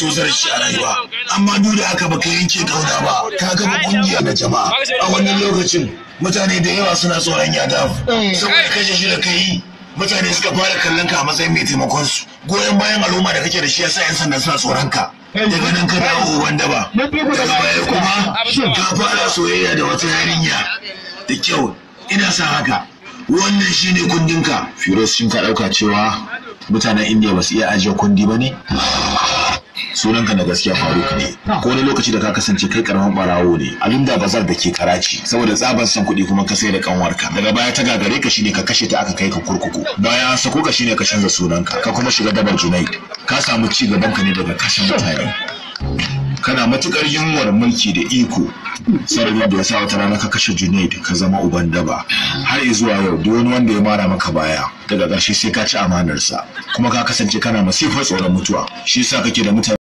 tozar shi a rayuwa amma duk da haka baka yanke kauna ba ka gaba kungiya na jama'a a wannan lokacin mutane da yawa suna tsoron ya dafu saboda kashe shi da kai mutane suka fara kallon ka a matsayin mai taimakon su goyon bayan al'umma da kake da shi yasa yan sanda suna tsoron ka daga nan ka dawo wanda ba daga ya kuma ka fara soyayya da wata yarinya da kyau ina sa haka wannan shine ka. firos shin ka dauka cewa mutanen indiya ba su iya ajiye kundi ba ne sunanka na gaskiya faruk ne ah. ko wani lokaci da ka kasance kai karamin barawo ne a bazar da ke karaci saboda tsaban san kuɗi kuma ka sai da kanwarka daga baya ta gagare ka shine ka kashe ta aka kai ka kurkuku bayan an sako ka shine ka canza sunanka ka kuma shiga dabar junai ka samu ci gaban ka ne daga kashe mutane kana matukar yunwar mulki da iko sarari da ya sa wata rana ka kashe junaid ka zama uban daba har zuwa yau duk wani wanda ya mara maka baya daga ƙarshe sai ka ci amanarsa kuma ka kasance kana masifar tsoron mutuwa shi yasa kake da mutane